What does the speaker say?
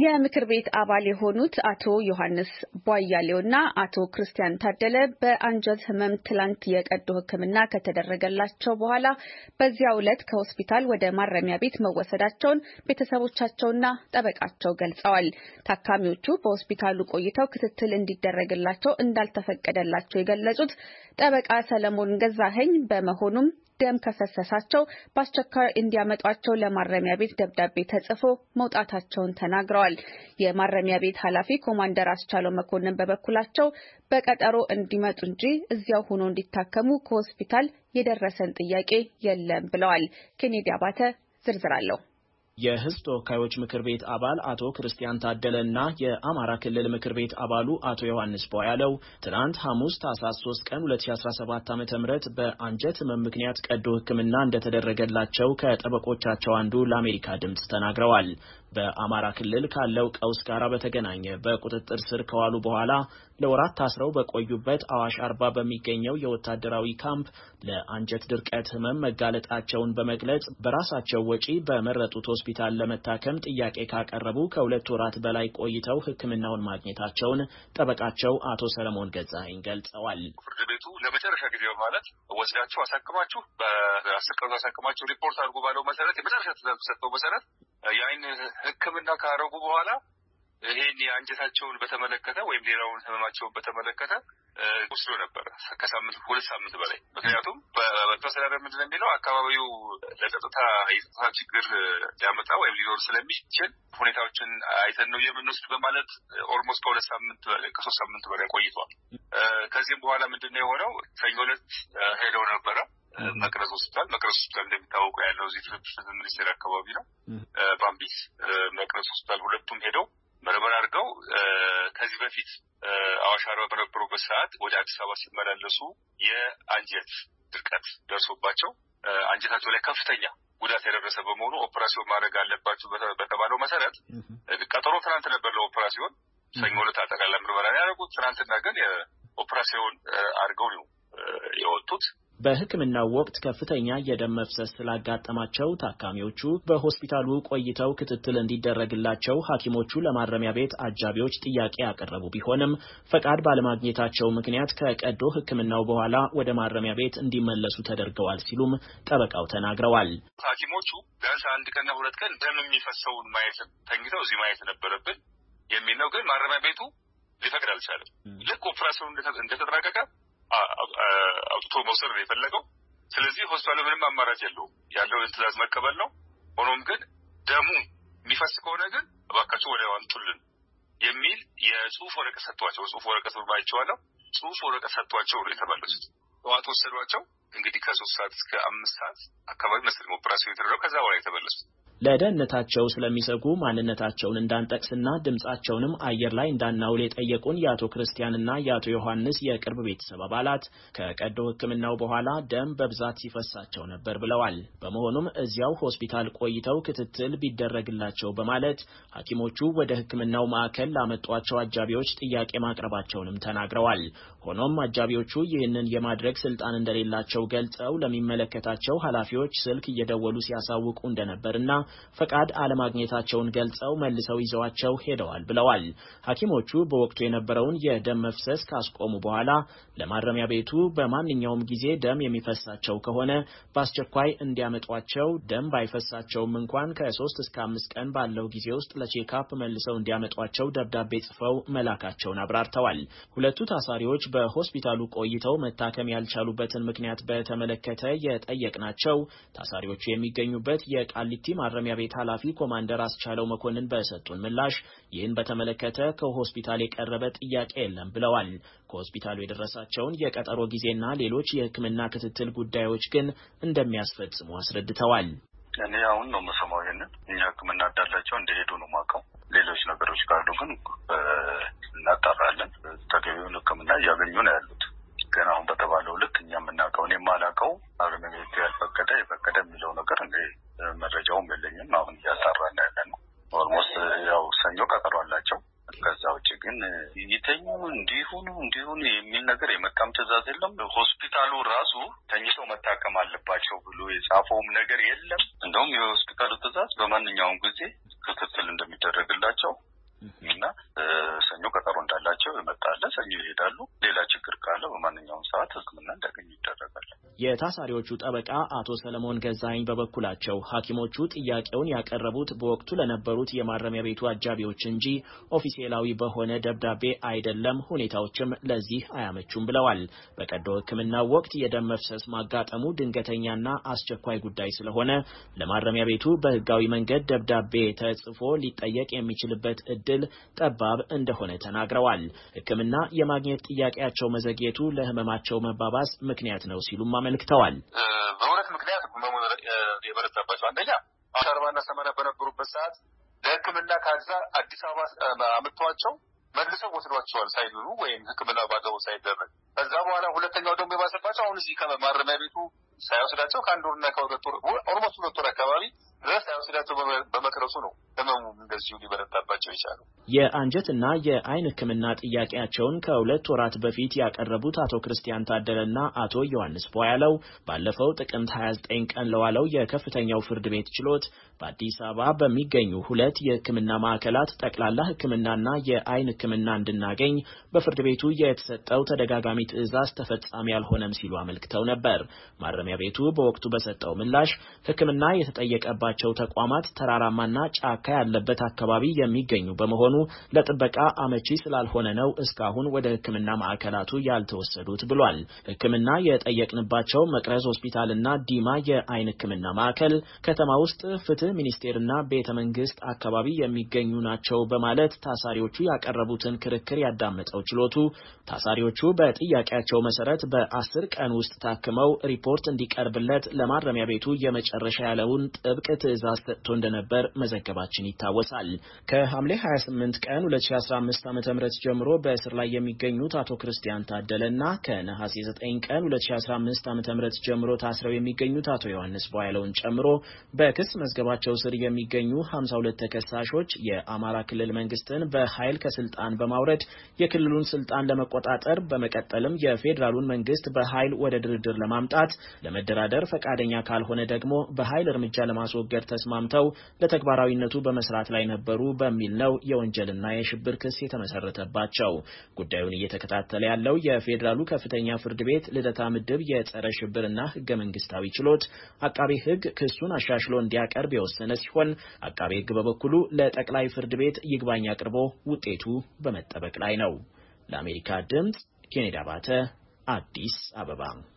የምክር ቤት አባል የሆኑት አቶ ዮሐንስ ቧያሌውና አቶ ክርስቲያን ታደለ በአንጀት ሕመም ትላንት የቀዶ ሕክምና ከተደረገላቸው በኋላ በዚያ ዕለት ከሆስፒታል ወደ ማረሚያ ቤት መወሰዳቸውን ቤተሰቦቻቸውና ጠበቃቸው ገልጸዋል። ታካሚዎቹ በሆስፒታሉ ቆይተው ክትትል እንዲደረግላቸው እንዳልተፈቀደላቸው የገለጹት ጠበቃ ሰለሞን ገዛኸኝ በመሆኑም ደም ከፈሰሳቸው በአስቸኳይ እንዲያመጧቸው ለማረሚያ ቤት ደብዳቤ ተጽፎ መውጣታቸውን ተናግረዋል። የማረሚያ ቤት ኃላፊ ኮማንደር አስቻለው መኮንን በበኩላቸው በቀጠሮ እንዲመጡ እንጂ እዚያው ሆኖ እንዲታከሙ ከሆስፒታል የደረሰን ጥያቄ የለም ብለዋል። ኬኔዲ አባተ ዝርዝር አለው። የህዝብ ተወካዮች ምክር ቤት አባል አቶ ክርስቲያን ታደለ እና የአማራ ክልል ምክር ቤት አባሉ አቶ ዮሐንስ ቧያለው ትናንት ሐሙስ ታህሳስ 3 ቀን 2017 ዓ ም በአንጀት ህመም ምክንያት ቀዶ ህክምና እንደተደረገላቸው ከጠበቆቻቸው አንዱ ለአሜሪካ ድምፅ ተናግረዋል። በአማራ ክልል ካለው ቀውስ ጋር በተገናኘ በቁጥጥር ስር ከዋሉ በኋላ ለወራት ታስረው በቆዩበት አዋሽ አርባ በሚገኘው የወታደራዊ ካምፕ ለአንጀት ድርቀት ህመም መጋለጣቸውን በመግለጽ በራሳቸው ወጪ በመረጡት ሆስፒታል ለመታከም ጥያቄ ካቀረቡ ከሁለት ወራት በላይ ቆይተው ሕክምናውን ማግኘታቸውን ጠበቃቸው አቶ ሰለሞን ገዛኸኝ ገልጸዋል። ፍርድ ቤቱ ለመጨረሻ ጊዜ በማለት ወስዳችሁ አሳክማችሁ በአስር ቀን አሳክማችሁ ሪፖርት አድርጉ ባለው መሰረት የመጨረሻ ትዕዛዝ ሰጠው መሰረት የአይን ህክምና ካረጉ በኋላ ይሄን የአንጀታቸውን በተመለከተ ወይም ሌላውን ህመማቸውን በተመለከተ ወስዶ ነበረ ከሳምንት ሁለት ሳምንት በላይ ምክንያቱም በመስተዳደር ምንድን የሚለው አካባቢው ለጸጥታ የጸጥታ ችግር ሊያመጣ ወይም ሊኖር ስለሚችል ሁኔታዎችን አይተን ነው የምንወስድ በማለት ኦልሞስት ከሁለት ሳምንት በላይ ከሶስት ሳምንት በላይ ቆይቷል። ከዚህም በኋላ ምንድነው የሆነው ሰኞ ዕለት ሄደው ነበረ መቅረጽ ሆስፒታል መቅረጽ ሆስፒታል እንደሚታወቀው ያለው እዚህ ፍትህ ሚኒስቴር አካባቢ ነው። ባምቢስ መቅረጽ ሆስፒታል ሁለቱም ሄደው ምርመራ አድርገው ከዚህ በፊት አዋሽ አርባ በነበሩበት ሰዓት ወደ አዲስ አበባ ሲመላለሱ የአንጀት ድርቀት ደርሶባቸው አንጀታቸው ላይ ከፍተኛ ጉዳት የደረሰ በመሆኑ ኦፕራሲዮን ማድረግ አለባቸው በተባለው መሰረት ቀጠሮ ትናንት ነበር ለኦፕራሲዮን ሰኞ ዕለት አጠቃላይ ምርመራ ያደረጉት። ትናንትና ግን የኦፕራሲዮን አድርገው ነው የወጡት። በሕክምናው ወቅት ከፍተኛ የደም መፍሰስ ስላጋጠማቸው ታካሚዎቹ በሆስፒታሉ ቆይተው ክትትል እንዲደረግላቸው ሐኪሞቹ ለማረሚያ ቤት አጃቢዎች ጥያቄ ያቀረቡ ቢሆንም ፈቃድ ባለማግኘታቸው ምክንያት ከቀዶ ሕክምናው በኋላ ወደ ማረሚያ ቤት እንዲመለሱ ተደርገዋል ሲሉም ጠበቃው ተናግረዋል። ሐኪሞቹ ቢያንስ አንድ ቀንና ሁለት ቀን ደም የሚፈሰውን ማየት ተኝተው እዚህ ማየት ነበረብን የሚል ነው። ግን ማረሚያ ቤቱ ሊፈቅድ አልቻለም። ልክ ኦፕራሲዮን እንደተጠናቀቀ አውጥቶ መውሰድ ነው የፈለገው። ስለዚህ ሆስፒታሉ ምንም አማራጭ የለውም፣ ያለውን ትዕዛዝ መቀበል ነው። ሆኖም ግን ደሙ የሚፈስ ከሆነ ግን እባካቸው ወደ ዋንቱልን የሚል የጽሁፍ ወረቀት ሰጥቷቸው ጽሁፍ ወረቀት ባይቸዋለሁ ጽሁፍ ወረቀት ሰጥቷቸው ነው የተመለሱት። ጠዋት ወሰዷቸው እንግዲህ ከሶስት ሰዓት እስከ አምስት ሰዓት አካባቢ መሰለኝ ኦፕራሲዮን የተደረገው ከዛ በኋላ የተመለሱት ለደህንነታቸው ስለሚሰጉ ማንነታቸውን እንዳንጠቅስና ድምፃቸውንም አየር ላይ እንዳናውል የጠየቁን የአቶ ክርስቲያንና የአቶ ዮሐንስ የቅርብ ቤተሰብ አባላት ከቀዶ ሕክምናው በኋላ ደም በብዛት ሲፈሳቸው ነበር ብለዋል። በመሆኑም እዚያው ሆስፒታል ቆይተው ክትትል ቢደረግላቸው በማለት ሐኪሞቹ ወደ ሕክምናው ማዕከል ላመጧቸው አጃቢዎች ጥያቄ ማቅረባቸውንም ተናግረዋል። ሆኖም አጃቢዎቹ ይህንን የማድረግ ስልጣን እንደሌላቸው ገልጸው ለሚመለከታቸው ኃላፊዎች ስልክ እየደወሉ ሲያሳውቁ እንደነበርና ፈቃድ አለማግኘታቸውን ገልጸው መልሰው ይዘዋቸው ሄደዋል ብለዋል። ሐኪሞቹ በወቅቱ የነበረውን የደም መፍሰስ ካስቆሙ በኋላ ለማረሚያ ቤቱ በማንኛውም ጊዜ ደም የሚፈሳቸው ከሆነ በአስቸኳይ እንዲያመጧቸው፣ ደም ባይፈሳቸውም እንኳን ከሶስት እስከ አምስት ቀን ባለው ጊዜ ውስጥ ለቼካፕ መልሰው እንዲያመጧቸው ደብዳቤ ጽፈው መላካቸውን አብራርተዋል። ሁለቱ ታሳሪዎች በሆስፒታሉ ቆይተው መታከም ያልቻሉበትን ምክንያት በተመለከተ የጠየቅናቸው ታሳሪዎቹ የሚገኙበት የቃሊቲ ማረ ማረሚያ ቤት ኃላፊ ኮማንደር አስቻለው መኮንን በሰጡን ምላሽ ይህን በተመለከተ ከሆስፒታል የቀረበ ጥያቄ የለም ብለዋል። ከሆስፒታሉ የደረሳቸውን የቀጠሮ ጊዜና ሌሎች የሕክምና ክትትል ጉዳዮች ግን እንደሚያስፈጽሙ አስረድተዋል። እኔ አሁን ነው የምሰማው። ይህንን እኛ ሕክምና እንዳላቸው እንደሄዱ ነው የማውቀው። ሌሎች ነገሮች ካሉ ግን እናጣራለን። ተገቢውን ሕክምና እያገኙ ነው ያሉት። ግን አሁን በተባለው ልክ እኛ የምናውቀው እኔ የማላውቀው አርምሜቱ ያልፈቀደ የፈቀደ የሚለው ነገር እንዲሆኑ እንዲሁን የሚል ነገር የመጣም ትእዛዝ የለም። ሆስፒታሉ ራሱ ተኝተው መታከም አለባቸው ብሎ የጻፈውም ነገር የለም። እንደውም የሆስፒታሉ ትእዛዝ በማንኛውም ጊዜ ክትትል እንደሚደረግላቸው እና ሰኞ ቀጠሮ እንዳላቸው ይመጣለ ሰኞ ይሄዳሉ። ሌላ ችግር ካለ በማንኛውም ሰዓት ሕክምና እንዳገኘ የታሳሪዎቹ ጠበቃ አቶ ሰለሞን ገዛኝ በበኩላቸው ሐኪሞቹ ጥያቄውን ያቀረቡት በወቅቱ ለነበሩት የማረሚያ ቤቱ አጃቢዎች እንጂ ኦፊሴላዊ በሆነ ደብዳቤ አይደለም፣ ሁኔታዎችም ለዚህ አያመቹም ብለዋል። በቀዶ ሕክምና ወቅት የደም መፍሰስ ማጋጠሙ ድንገተኛና አስቸኳይ ጉዳይ ስለሆነ ለማረሚያ ቤቱ በህጋዊ መንገድ ደብዳቤ ተጽፎ ሊጠየቅ የሚችልበት እድል ጠባብ እንደሆነ ተናግረዋል። ሕክምና የማግኘት ጥያቄያቸው መዘግየቱ ለህመማቸው መባባስ ምክንያት ነው ሲሉም አመልክተዋል። በሁለት ምክንያት የበረታባቸው አንደኛ አሁን አርባና ሰማንያ በነበሩበት ሰዓት ለህክምና ከዛ አዲስ አበባ አምጥተዋቸው መልሰው ወስዷቸዋል ሳይድኑ ወይም ህክምና ባገቡ ሳይደረግ ከዛ በኋላ ሁለተኛው ደግሞ የባሰባቸው አሁን እዚህ ከማረሚያ ቤቱ ሳይወስዳቸው ከአንድ ወርና ከሁለት ወር ኦልሞስት ሁለት ወር አካባቢ ድረስ ሳይወስዳቸው በመክረሱ ነው። ህመሙም እንደዚሁ ሊበረታባቸው ይቻሉ። የአንጀትና የአይን ህክምና ጥያቄያቸውን ከሁለት ወራት በፊት ያቀረቡት አቶ ክርስቲያን ታደለና አቶ ዮሐንስ ቧያለው ባለፈው ጥቅምት 29 ቀን ለዋለው የከፍተኛው ፍርድ ቤት ችሎት በአዲስ አበባ በሚገኙ ሁለት የህክምና ማዕከላት ጠቅላላ ህክምናና የአይን ህክምና እንድናገኝ በፍርድ ቤቱ የተሰጠው ተደጋጋሚ ትዕዛዝ ተፈጻሚ ያልሆነም ሲሉ አመልክተው ነበር። ማረሚያ ቤቱ በወቅቱ በሰጠው ምላሽ ህክምና የተጠየቀባቸው ተቋማት ተራራማና ጫካ ያለበት አካባቢ የሚገኙ በመሆኑ ለጥበቃ አመቺ ስላልሆነ ነው እስካሁን ወደ ሕክምና ማዕከላቱ ያልተወሰዱት ብሏል። ሕክምና የጠየቅንባቸው መቅረዝ ሆስፒታልና ዲማ የአይን ሕክምና ማዕከል ከተማ ውስጥ ፍትህ ሚኒስቴርና ቤተ መንግስት አካባቢ የሚገኙ ናቸው በማለት ታሳሪዎቹ ያቀረቡትን ክርክር ያዳመጠው ችሎቱ ታሳሪዎቹ በጥያቄያቸው መሰረት በአስር ቀን ውስጥ ታክመው ሪፖርት እንዲቀርብለት ለማረሚያ ቤቱ የመጨረሻ ያለውን ጥብቅ ትዕዛዝ ሰጥቶ እንደነበር መዘገባቸው መያዛችን ይታወሳል። ከሐምሌ 28 ቀን 2015 ዓ ም ጀምሮ በእስር ላይ የሚገኙት አቶ ክርስቲያን ታደለና ከነሐሴ 9 ቀን 2015 ዓ ም ጀምሮ ታስረው የሚገኙት አቶ ዮሐንስ ቧያለውን ጨምሮ በክስ መዝገባቸው ስር የሚገኙ 52 ተከሳሾች የአማራ ክልል መንግስትን በኃይል ከስልጣን በማውረድ የክልሉን ስልጣን ለመቆጣጠር በመቀጠልም የፌዴራሉን መንግስት በኃይል ወደ ድርድር ለማምጣት ለመደራደር ፈቃደኛ ካልሆነ ደግሞ በኃይል እርምጃ ለማስወገድ ተስማምተው ለተግባራዊነቱ በመስራት ላይ ነበሩ በሚል ነው የወንጀልና የሽብር ክስ የተመሰረተባቸው። ጉዳዩን እየተከታተለ ያለው የፌዴራሉ ከፍተኛ ፍርድ ቤት ልደታ ምድብ የጸረ ሽብርና ህገ መንግስታዊ ችሎት አቃቤ ህግ ክሱን አሻሽሎ እንዲያቀርብ የወሰነ ሲሆን አቃቤ ህግ በበኩሉ ለጠቅላይ ፍርድ ቤት ይግባኝ አቅርቦ ውጤቱ በመጠበቅ ላይ ነው። ለአሜሪካ ድምፅ ኬኔዳ አባተ አዲስ አበባ